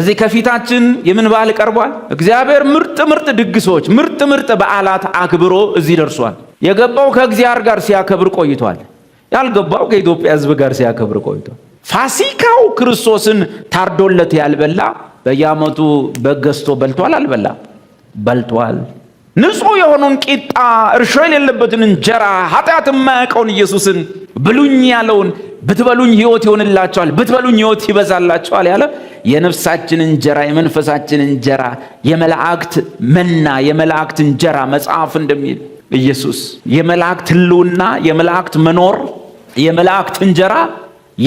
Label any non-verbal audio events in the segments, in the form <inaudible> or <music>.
እዚህ ከፊታችን የምን በዓል ቀርቧል? እግዚአብሔር ምርጥ ምርጥ ድግሶች፣ ምርጥ ምርጥ በዓላት አክብሮ እዚህ ደርሷል። የገባው ከእግዚአብሔር ጋር ሲያከብር ቆይቷል። ያልገባው ከኢትዮጵያ ሕዝብ ጋር ሲያከብር ቆይቷል። ፋሲካው ክርስቶስን ታርዶለት ያልበላ በየዓመቱ በገዝቶ በልቷል፣ አልበላ በልቷል። ንጹህ የሆኑን ቂጣ እርሾ የሌለበትን እንጀራ ኃጢአት የማያውቀውን ኢየሱስን ብሉኝ ያለውን ብትበሉኝ ሕይወት ይሆንላቸዋል፣ ብትበሉኝ ሕይወት ይበዛላቸዋል ያለ የነፍሳችን እንጀራ የመንፈሳችን እንጀራ የመላእክት መና የመላእክት እንጀራ መጽሐፍ እንደሚል ኢየሱስ የመላእክት ሕልውና የመላእክት መኖር የመላእክት እንጀራ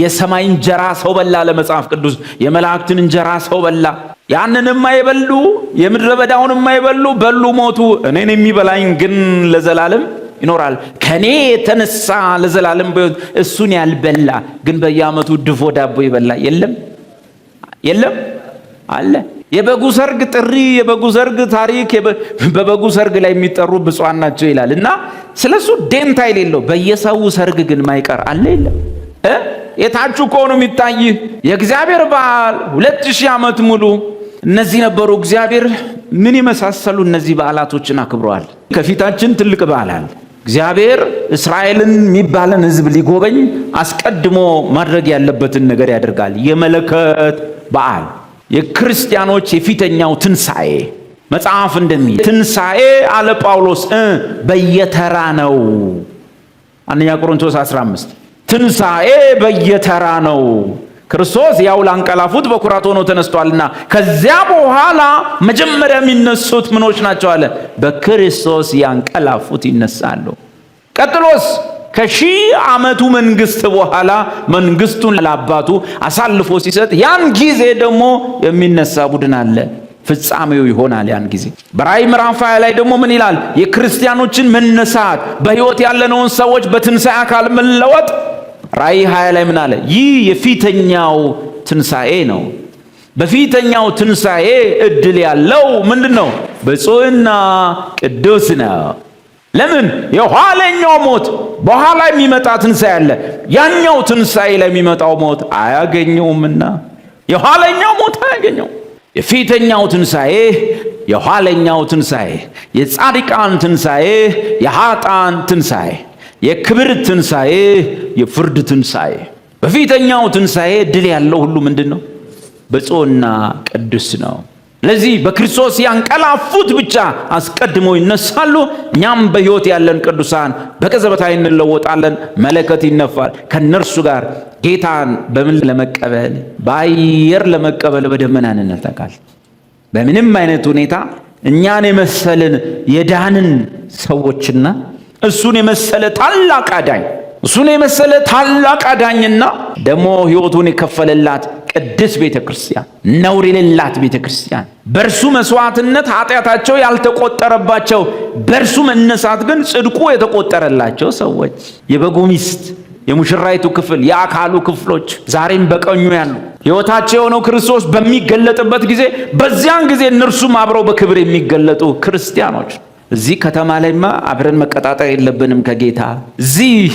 የሰማይ እንጀራ ሰው በላ ለመጽሐፍ ቅዱስ የመላእክትን እንጀራ ሰው በላ ያንን የማይበሉ የምድረ በዳውን የማይበሉ በሉ ሞቱ። እኔን የሚበላኝ ግን ለዘላለም ይኖራል፣ ከኔ የተነሳ ለዘላለም እሱን ያልበላ ግን በየዓመቱ ድፎ ዳቦ ይበላ የለም የለም አለ። የበጉ ሰርግ ጥሪ፣ የበጉ ሰርግ ታሪክ፣ በበጉ ሰርግ ላይ የሚጠሩ ብፁዓን ናቸው ይላል እና ስለሱ ደንታ የሌለው በየሰው ሰርግ ግን ማይቀር አለ የለም የታችሁ ከሆኑ የሚታይ የእግዚአብሔር በዓል ሁለት ሺህ ዓመት ሙሉ እነዚህ ነበሩ። እግዚአብሔር ምን የመሳሰሉ እነዚህ በዓላቶችን አክብረዋል። ከፊታችን ትልቅ በዓል አለ። እግዚአብሔር እስራኤልን የሚባለን ሕዝብ ሊጎበኝ አስቀድሞ ማድረግ ያለበትን ነገር ያደርጋል። የመለከት በዓል የክርስቲያኖች የፊተኛው ትንሣኤ መጽሐፍ እንደሚል ትንሣኤ አለ ጳውሎስ በየተራ ነው። አንደኛ ቆሮንቶስ 15 ትንሣኤ በየተራ ነው። ክርስቶስ ያው ላንቀላፉት በኩራት ሆኖ ተነስቷልና ከዚያ በኋላ መጀመሪያ የሚነሱት ምኖች ናቸው አለ። በክርስቶስ ያንቀላፉት ይነሳሉ። ቀጥሎስ ከሺህ ዓመቱ መንግስት በኋላ መንግስቱን ለአባቱ አሳልፎ ሲሰጥ ያን ጊዜ ደግሞ የሚነሳ ቡድን አለ። ፍጻሜው ይሆናል ያን ጊዜ። በራእይ ምዕራፍ ላይ ደግሞ ምን ይላል? የክርስቲያኖችን መነሳት፣ በሕይወት ያለነውን ሰዎች በትንሣኤ አካል መለወጥ ራእይ 20 ላይ ምን አለ? ይህ የፊተኛው ትንሣኤ ነው። በፊተኛው ትንሣኤ እድል ያለው ምንድን ነው? ብፁዕና ቅዱስ ነው። ለምን? የኋለኛው ሞት በኋላ የሚመጣ ትንሣኤ አለ። ያኛው ትንሣኤ ላይ የሚመጣው ሞት አያገኘውምና የኋለኛው ሞት አያገኘው። የፊተኛው ትንሣኤ፣ የኋለኛው ትንሣኤ፣ የጻድቃን ትንሣኤ፣ የሃጣን ትንሣኤ የክብር ትንሣኤ፣ የፍርድ ትንሣኤ። በፊተኛው ትንሣኤ ድል ያለው ሁሉ ምንድን ነው? በጾና ቅዱስ ነው። ስለዚህ በክርስቶስ ያንቀላፉት ብቻ አስቀድመው ይነሳሉ። እኛም በሕይወት ያለን ቅዱሳን በቀዘበታ እንለወጣለን፣ መለከት ይነፋል። ከእነርሱ ጋር ጌታን በምን ለመቀበል በአየር ለመቀበል በደመና እንነጠቃል። በምንም አይነት ሁኔታ እኛን የመሰልን የዳንን ሰዎችና እሱን የመሰለ ታላቅ አዳኝ እሱን የመሰለ ታላቅ አዳኝና ደግሞ ሕይወቱን የከፈለላት ቅድስ ቤተ ክርስቲያን ነውር የሌላት ቤተ ክርስቲያን በእርሱ መስዋዕትነት ኃጢአታቸው ያልተቆጠረባቸው በእርሱ መነሳት ግን ጽድቁ የተቆጠረላቸው ሰዎች የበጉ ሚስት የሙሽራይቱ ክፍል የአካሉ ክፍሎች ዛሬም በቀኙ ያሉ ሕይወታቸው የሆነው ክርስቶስ በሚገለጥበት ጊዜ በዚያን ጊዜ እነርሱም አብረው በክብር የሚገለጡ ክርስቲያኖች እዚህ ከተማ ላይማ አብረን መቀጣጠር የለብንም ከጌታ። እዚህ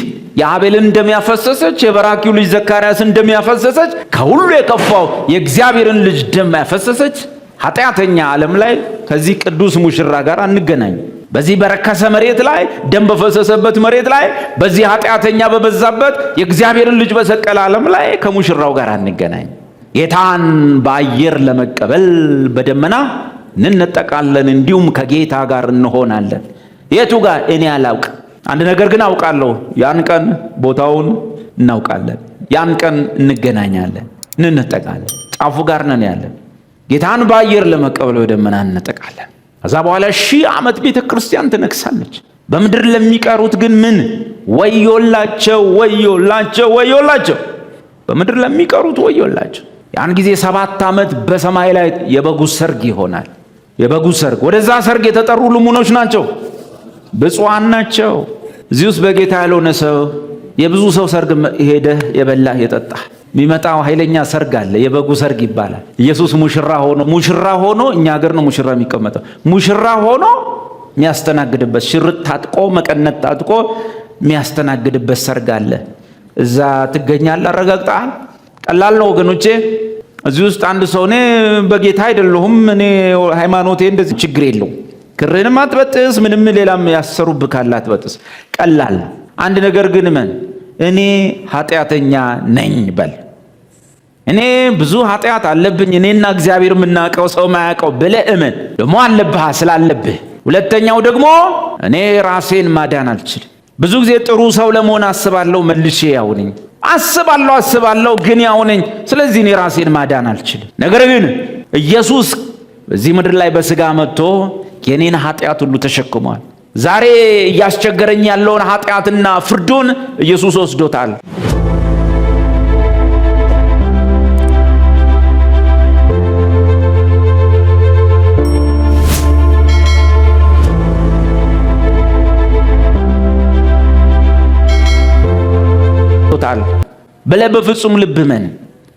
የአቤልን እንደሚያፈሰሰች የበራኪው ልጅ ዘካርያስ እንደሚያፈሰሰች ከሁሉ የከፋው የእግዚአብሔርን ልጅ ደም ያፈሰሰች ኃጢአተኛ ዓለም ላይ ከዚህ ቅዱስ ሙሽራ ጋር አንገናኝ። በዚህ በረከሰ መሬት ላይ ደም በፈሰሰበት መሬት ላይ በዚህ ኃጢአተኛ በበዛበት የእግዚአብሔርን ልጅ በሰቀለ ዓለም ላይ ከሙሽራው ጋር አንገናኝ። ጌታን በአየር ለመቀበል በደመና እንነጠቃለን፣ እንዲሁም ከጌታ ጋር እንሆናለን። የቱ ጋር እኔ አላውቅ። አንድ ነገር ግን አውቃለሁ፣ ያን ቀን ቦታውን እናውቃለን። ያን ቀን እንገናኛለን፣ እንነጠቃለን። ጫፉ ጋር ነን ያለን። ጌታን በአየር ለመቀበል በደመና እንነጠቃለን። ከዛ በኋላ ሺህ ዓመት ቤተ ክርስቲያን ትነግሳለች። በምድር ለሚቀሩት ግን ምን ወዮላቸው፣ ወዮላቸው፣ ወዮላቸው! በምድር ለሚቀሩት ወዮላቸው! ያን ጊዜ ሰባት ዓመት በሰማይ ላይ የበጉ ሰርግ ይሆናል። የበጉ ሰርግ። ወደዛ ሰርግ የተጠሩ ልሙኖች ናቸው፣ ብፁዓን ናቸው። እዚህ ውስጥ በጌታ ያልሆነ ሰው የብዙ ሰው ሰርግ ሄደ የበላ የጠጣ የሚመጣው ኃይለኛ ሰርግ አለ። የበጉ ሰርግ ይባላል። ኢየሱስ ሙሽራ ሆኖ ሙሽራ ሆኖ እኛ ሀገር ነው ሙሽራ የሚቀመጠው። ሙሽራ ሆኖ የሚያስተናግድበት ሽርጥ ታጥቆ መቀነት ታጥቆ የሚያስተናግድበት ሰርግ አለ። እዛ ትገኛለህ። አረጋግጠሃል። ቀላል ነው ወገኖቼ። እዚህ ውስጥ አንድ ሰው እኔ በጌታ አይደለሁም እኔ ሃይማኖቴ እንደዚህ ችግር የለው ክርንም አትበጥስ ምንም ሌላም ያሰሩብ ካለ አትበጥስ። ቀላል አንድ ነገር ግን መን እኔ ኃጢአተኛ ነኝ በል። እኔ ብዙ ኃጢአት አለብኝ እኔና እግዚአብሔር የምናውቀው ሰው ማያውቀው ብለ እመን። ደግሞ አለብህ ስላለብህ። ሁለተኛው ደግሞ እኔ ራሴን ማዳን አልችልም። ብዙ ጊዜ ጥሩ ሰው ለመሆን አስባለሁ መልሼ ያው ነኝ አስባለሁ አስባለሁ ግን ያው ነኝ። ስለዚህ እኔ ራሴን ማዳን አልችልም። ነገር ግን ኢየሱስ በዚህ ምድር ላይ በስጋ መጥቶ የኔን ኃጢአት ሁሉ ተሸክሟል። ዛሬ እያስቸገረኝ ያለውን ኃጢአትና ፍርዱን ኢየሱስ ወስዶታል። ብለህ በፍጹም ልብ መን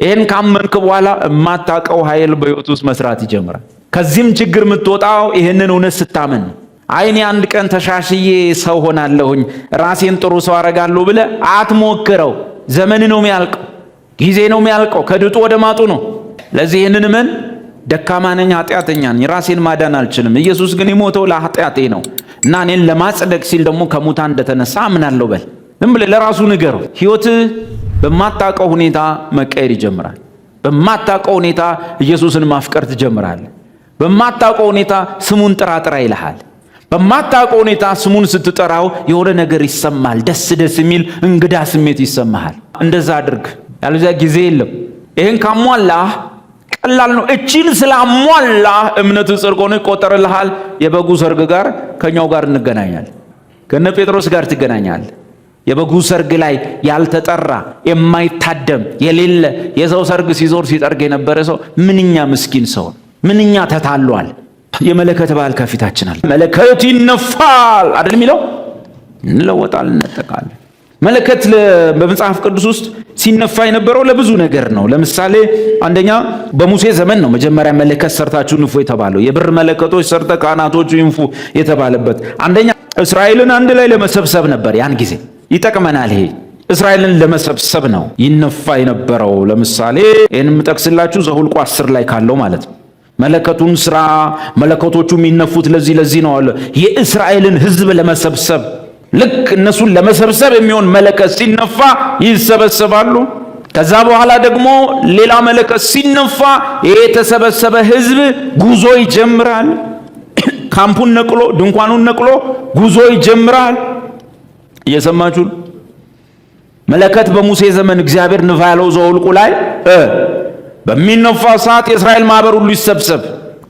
ይህን ካመንክ በኋላ የማታውቀው ኃይል በህይወት ውስጥ መስራት ይጀምራል። ከዚህም ችግር የምትወጣው ይህንን እውነት ስታመን አይኔ አንድ ቀን ተሻሽዬ ሰው ሆናለሁኝ ራሴን ጥሩ ሰው አረጋለሁ ብለ አትሞክረው። ዘመን ነው የሚያልቀው፣ ጊዜ ነው የሚያልቀው። ከድጡ ወደ ማጡ ነው። ለዚህ ይህንን ምን ደካማ ነኝ፣ ኃጢአተኛ ነኝ፣ ራሴን ማዳን አልችልም። ኢየሱስ ግን የሞተው ለኃጢአቴ ነው እና እኔን ለማጽደቅ ሲል ደግሞ ከሙታን እንደተነሳ አምናለሁ በል። ዝም ብለህ ለራሱ ንገረው ህይወት በማታውቀው ሁኔታ መቀየር ይጀምራል። በማታውቀው ሁኔታ ኢየሱስን ማፍቀር ትጀምራል። በማታውቀው ሁኔታ ስሙን ጥራጥራ ይልሃል። በማታውቀው ሁኔታ ስሙን ስትጠራው የሆነ ነገር ይሰማል። ደስ ደስ የሚል እንግዳ ስሜት ይሰማሃል። እንደዛ አድርግ። ያለዚያ ጊዜ የለም። ይህን ካሟላህ ቀላል ነው። እቺን ስላሟላህ እምነት ጽድቅ ሆኖ ይቆጠርልሃል። የበጉ ሰርግ ጋር ከኛው ጋር እንገናኛል። ከነ ጴጥሮስ ጋር ትገናኛል። የበጉ ሰርግ ላይ ያልተጠራ የማይታደም የሌለ የሰው ሰርግ ሲዞር ሲጠርግ የነበረ ሰው ምንኛ ምስኪን ሰው ምንኛ ተታሏል። የመለከት በዓል ከፊታችን አለ። መለከት ይነፋል አይደል የሚለው እንለወጣል፣ እንጠቃለን። መለከት በመጽሐፍ ቅዱስ ውስጥ ሲነፋ የነበረው ለብዙ ነገር ነው። ለምሳሌ አንደኛ በሙሴ ዘመን ነው መጀመሪያ መለከት ሰርታችሁ ንፉ የተባለው የብር መለከቶች ሰርተ ካህናቶቹ ይንፉ የተባለበት አንደኛ እስራኤልን አንድ ላይ ለመሰብሰብ ነበር ያን ጊዜ ይጠቅመናል። ይሄ እስራኤልን ለመሰብሰብ ነው ይነፋ የነበረው። ለምሳሌ ይህን የምጠቅስላችሁ ዘሁልቁ አስር ላይ ካለው ማለት ነው። መለከቱን ስራ መለከቶቹ የሚነፉት ለዚህ ለዚህ ነው አለ። የእስራኤልን ህዝብ ለመሰብሰብ ልክ እነሱን ለመሰብሰብ የሚሆን መለከት ሲነፋ ይሰበሰባሉ። ከዛ በኋላ ደግሞ ሌላ መለከት ሲነፋ የተሰበሰበ ህዝብ ጉዞ ይጀምራል። <coughs> ካምፑን ነቅሎ ድንኳኑን ነቅሎ ጉዞ ይጀምራል። እየሰማችሁ መለከት በሙሴ ዘመን እግዚአብሔር ንፋ ያለው ዘውልቁ ላይ በሚነፋ ሰዓት የእስራኤል ማህበር ሁሉ ይሰብሰብ።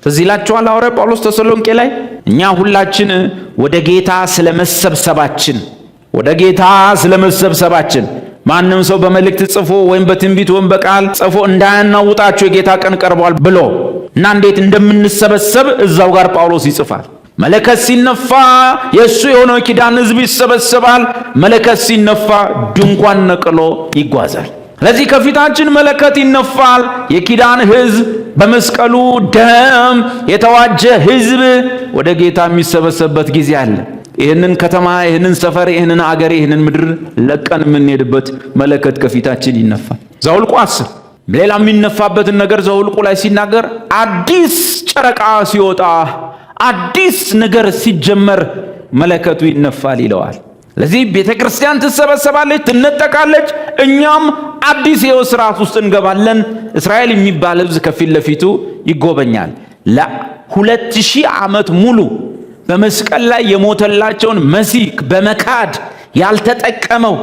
ትዝ ይላችኋል ጳውሎስ ተሰሎንቄ ላይ እኛ ሁላችን ወደ ጌታ ስለመሰብሰባችን ወደ ጌታ ስለመሰብሰባችን ማንም ሰው በመልእክት ጽፎ ወይም በትንቢት ወይም በቃል ጽፎ እንዳያናውጣቸው የጌታ ቀን ቀርቧል ብሎ እና እንዴት እንደምንሰበሰብ እዛው ጋር ጳውሎስ ይጽፋል። መለከት ሲነፋ የእሱ የሆነው ኪዳን ህዝብ ይሰበሰባል። መለከት ሲነፋ ድንኳን ነቅሎ ይጓዛል። ስለዚህ ከፊታችን መለከት ይነፋል። የኪዳን ህዝብ በመስቀሉ ደም የተዋጀ ህዝብ ወደ ጌታ የሚሰበሰብበት ጊዜ አለ። ይህንን ከተማ፣ ይህንን ሰፈር፣ ይህንን አገር፣ ይህንን ምድር ለቀን የምንሄድበት መለከት ከፊታችን ይነፋል። ዘውልቁ አስር ሌላ የሚነፋበትን ነገር ዘውልቁ ላይ ሲናገር አዲስ ጨረቃ ሲወጣ አዲስ ነገር ሲጀመር መለከቱ ይነፋል ይለዋል። ለዚህ ቤተ ክርስቲያን ትሰበሰባለች፣ ትነጠቃለች። እኛም አዲስ የው ስርዓት ውስጥ እንገባለን። እስራኤል የሚባል ህዝብ ከፊት ለፊቱ ይጎበኛል። ለሁለት ሺህ ዓመት ሙሉ በመስቀል ላይ የሞተላቸውን መሲህ በመካድ ያልተጠቀመው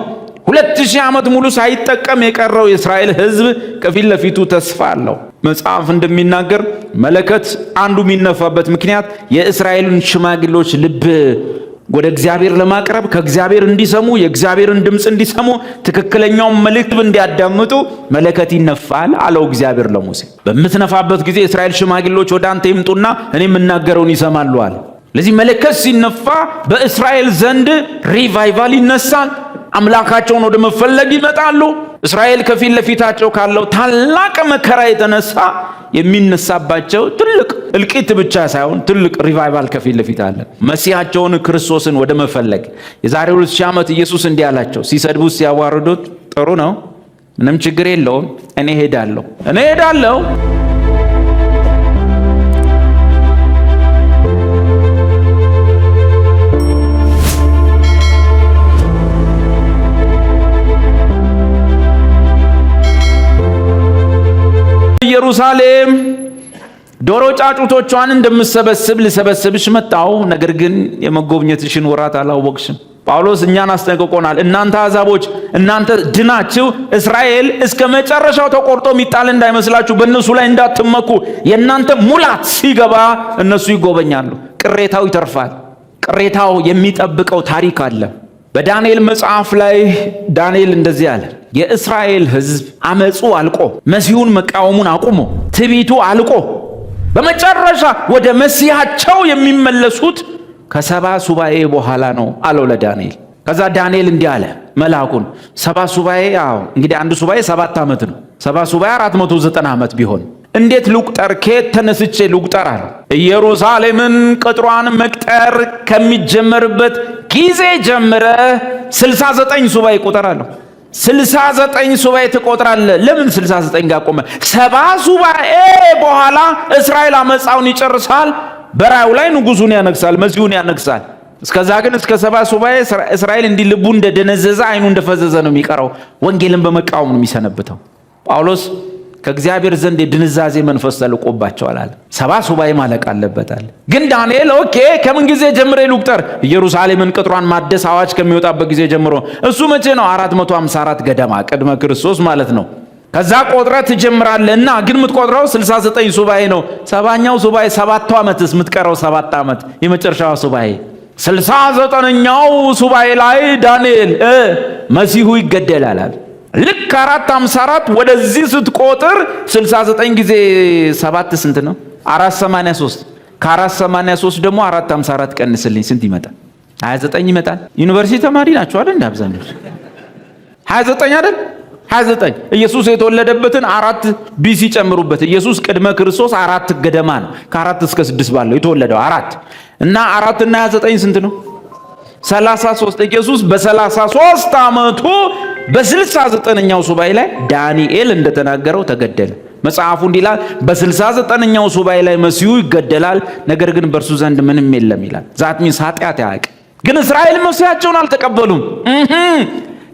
ሁለት ሺህ ዓመት ሙሉ ሳይጠቀም የቀረው የእስራኤል ህዝብ ከፊት ለፊቱ ተስፋ አለው። መጽሐፍ እንደሚናገር መለከት አንዱ የሚነፋበት ምክንያት የእስራኤልን ሽማግሌዎች ልብ ወደ እግዚአብሔር ለማቅረብ ከእግዚአብሔር እንዲሰሙ የእግዚአብሔርን ድምፅ እንዲሰሙ ትክክለኛውን መልእክት እንዲያዳምጡ መለከት ይነፋል አለው እግዚአብሔር ለሙሴ። በምትነፋበት ጊዜ እስራኤል ሽማግሌዎች ወደ አንተ ይምጡና እኔ የምናገረውን ይሰማሉ አለ። ለዚህ መለከት ሲነፋ በእስራኤል ዘንድ ሪቫይቫል ይነሳል። አምላካቸውን ወደ መፈለግ ይመጣሉ። እስራኤል ከፊት ለፊታቸው ካለው ታላቅ መከራ የተነሳ የሚነሳባቸው ትልቅ እልቂት ብቻ ሳይሆን ትልቅ ሪቫይቫል ከፊት ለፊት አለ። መሲያቸውን ክርስቶስን ወደ መፈለግ የዛሬ ሁለት ሺህ ዓመት ኢየሱስ እንዲህ አላቸው። ሲሰድቡት፣ ሲያዋርዱት ጥሩ ነው፣ ምንም ችግር የለውም፣ እኔ ሄዳለሁ፣ እኔ ሄዳለሁ ኢየሩሳሌም ዶሮ ጫጩቶቿን እንደምሰበስብ ልሰበስብሽ መጣው፣ ነገር ግን የመጎብኘትሽን ወራት አላወቅሽም። ጳውሎስ እኛን አስጠንቅቆናል። እናንተ አሕዛቦች እናንተ ድናችሁ እስራኤል እስከ መጨረሻው ተቆርጦ የሚጣል እንዳይመስላችሁ በእነሱ ላይ እንዳትመኩ። የእናንተ ሙላት ሲገባ እነሱ ይጎበኛሉ፣ ቅሬታው ይተርፋል። ቅሬታው የሚጠብቀው ታሪክ አለ። በዳንኤል መጽሐፍ ላይ ዳንኤል እንደዚህ አለ። የእስራኤል ሕዝብ አመፁ አልቆ መሲሁን መቃወሙን አቁሞ ትቢቱ አልቆ በመጨረሻ ወደ መሲያቸው የሚመለሱት ከሰባ ሱባኤ በኋላ ነው አለው ለዳንኤል። ከዛ ዳንኤል እንዲህ አለ መልአኩን ሰባ ሱባኤ እንግዲህ አንድ ሱባኤ ሰባት ዓመት ነው። ሰባ ሱባኤ አራት መቶ ዘጠና ዓመት ቢሆን እንዴት ልቁጠር? ከየት ተነስቼ ልቁጠር አለ። ኢየሩሳሌምን ቅጥሯን መቅጠር ከሚጀመርበት ጊዜ ጀምረ 69 ሱባኤ ቁጠር 69 ሱባኤ ትቆጥራለ ለምን 69 ጋር ቆመ? ሰባ ሱባኤ በኋላ እስራኤል አመፃውን ይጨርሳል። በራዩ ላይ ንጉሱን ያነግሳል፣ መሲሁን ያነግሳል። እስከዛ ግን እስከ ሰባ ሱባኤ እስራኤል እንዲህ ልቡ እንደደነዘዘ አይኑ እንደፈዘዘ ነው የሚቀረው። ወንጌልን በመቃወም ነው የሚሰነብተው ጳውሎስ ከእግዚአብሔር ዘንድ የድንዛዜ መንፈስ ተልቆባቸዋል አለ። ሰባ ሱባኤ ማለቅ አለበታል። ግን ዳንኤል ኦኬ፣ ከምን ጊዜ ጀምሬ ልቁጠር? ኢየሩሳሌምን ቅጥሯን ማደስ አዋጅ ከሚወጣበት ጊዜ ጀምሮ። እሱ መቼ ነው? 454 ገደማ ቅድመ ክርስቶስ ማለት ነው። ከዛ ቆጥረ ትጀምራለ እና ግን የምትቆጥረው 69 ሱባኤ ነው። ሰባኛው ሱባኤ ሰባቱ ዓመትስ የምትቀረው ሰባት ዓመት የመጨረሻዋ ሱባኤ ስልሳ ዘጠነኛው ሱባኤ ላይ ዳንኤል መሲሁ ይገደላል። ልክ አራት አምሳ አራት ወደዚህ ስትቆጥር 69 ጊዜ ሰባት ስንት ነው? 483 ከ ሶስት ደግሞ አራት ቀንስልኝ ስንት ይመጣል? ዘጠኝ ይመጣል። ዩኒቨርሲቲ ተማሪ ናቸው አለ እንደ አብዛኞች 29 አይደል? 29 ኢየሱስ የተወለደበትን አራት ቢሲ ጨምሩበት። ኢየሱስ ቅድመ ክርስቶስ አራት ገደማ ነው። ከአራት እስከ ስድስት ባለው የተወለደው አራት እና አራት እና ዘጠኝ ስንት ነው? ሶስት ኢየሱስ በሰላሳ ሶስት አመቱ? በስልሳ ዘጠነኛው ሱባኤ ላይ ዳንኤል እንደተናገረው ተገደለ። መጽሐፉ እንዲህ ይላል፣ በስልሳ ዘጠነኛው ሱባኤ ላይ መሲሁ ይገደላል፣ ነገር ግን በእርሱ ዘንድ ምንም የለም ይላል። ዛት ሚንስ ኃጢአት ያቅ ግን እስራኤል መሲያቸውን አልተቀበሉም።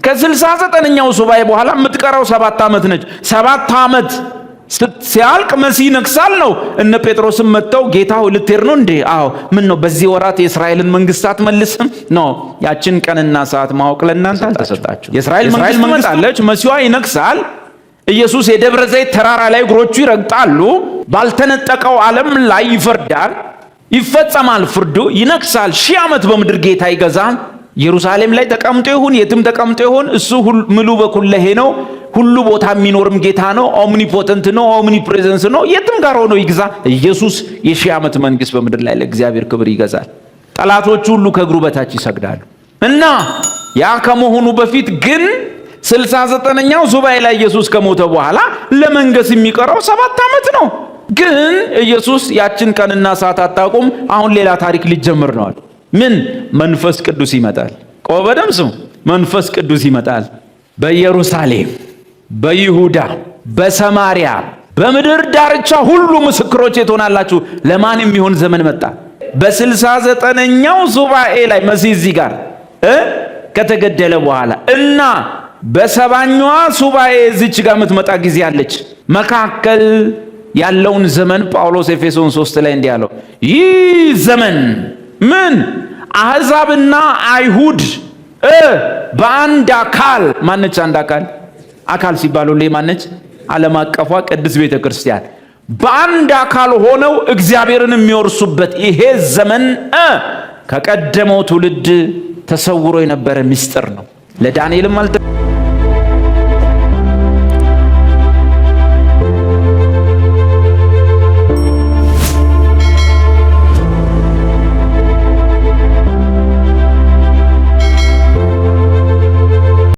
ከስልሳ ዘጠነኛው ሱባኤ በኋላ የምትቀረው ሰባት ዓመት ነች። ሰባት ዓመት ሲያልቅ መሲህ ይነግሳል ነው። እነ ጴጥሮስም መጥተው ጌታ ሆይ ልትሄድ ነው እንዴ? አዎ። ምን ነው በዚህ ወራት የእስራኤልን መንግስት አትመልስም? ኖ ያችን ቀንና ሰዓት ማወቅ ለእናንተ አልተሰጣችሁ። የእስራኤል መንግስት መጣለች፣ መሲዋ ይነግሳል። ኢየሱስ የደብረ ዘይት ተራራ ላይ እግሮቹ ይረግጣሉ። ባልተነጠቀው ዓለም ላይ ይፈርዳል፣ ይፈጸማል ፍርዱ፣ ይነግሳል። ሺህ ዓመት በምድር ጌታ ይገዛል። ኢየሩሳሌም ላይ ተቀምጦ ይሁን የትም ተቀምጦ ይሁን እሱ ምሉ በኩለሄ ነው። ሁሉ ቦታ የሚኖርም ጌታ ነው። ኦምኒፖተንት ነው። ኦምኒፕሬዘንስ ነው። የትም ጋር ሆኖ ይግዛ። ኢየሱስ የሺህ ዓመት መንግሥት በምድር ላይ ለእግዚአብሔር ክብር ይገዛል። ጠላቶቹ ሁሉ ከእግሩ በታች ይሰግዳሉ እና ያ ከመሆኑ በፊት ግን ስልሳ ዘጠነኛው ሱባኤ ላይ ኢየሱስ ከሞተ በኋላ ለመንገስ የሚቀረው ሰባት ዓመት ነው። ግን ኢየሱስ ያችን ቀንና ሰዓት አታውቁም፣ አሁን ሌላ ታሪክ ሊጀምር ነዋል። ምን መንፈስ ቅዱስ ይመጣል። ቆበ ስሙ መንፈስ ቅዱስ ይመጣል በኢየሩሳሌም በይሁዳ በሰማሪያ በምድር ዳርቻ ሁሉ ምስክሮቼ ትሆናላችሁ። ለማን የሚሆን ዘመን መጣ? በስልሳ ዘጠነኛው ሱባኤ ላይ መሲህ እዚህ ጋር ከተገደለ በኋላ እና በሰባኛዋ ሱባኤ እዚች ጋር የምትመጣ ጊዜ አለች። መካከል ያለውን ዘመን ጳውሎስ ኤፌሶን ሶስት ላይ እንዲህ አለው፣ ይህ ዘመን ምን አሕዛብና አይሁድ በአንድ አካል ማነች? አንድ አካል አካል ሲባል ሁሌ ማነች? ዓለም አቀፏ ቅድስት ቤተ ክርስቲያን በአንድ አካል ሆነው እግዚአብሔርን የሚወርሱበት ይሄ ዘመን ከቀደመው ትውልድ ተሰውሮ የነበረ ምስጢር ነው። ለዳንኤልም አልተ